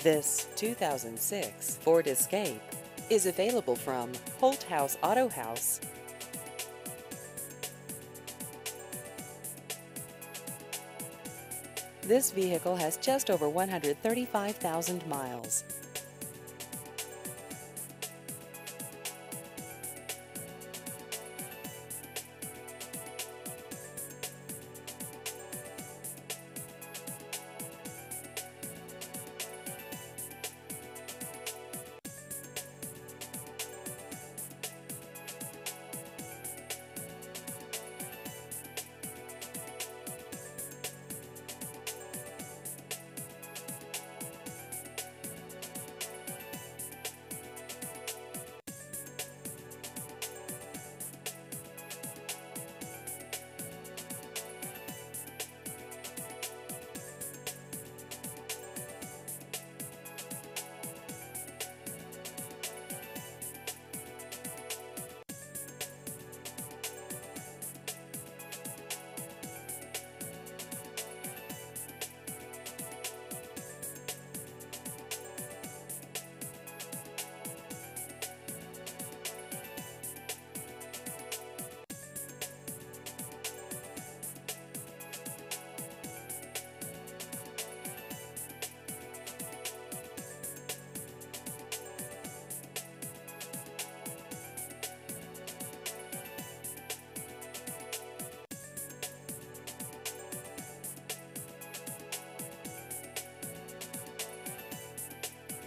This 2006 Ford Escape is available from Holt House Auto House. This vehicle has just over 135,000 miles.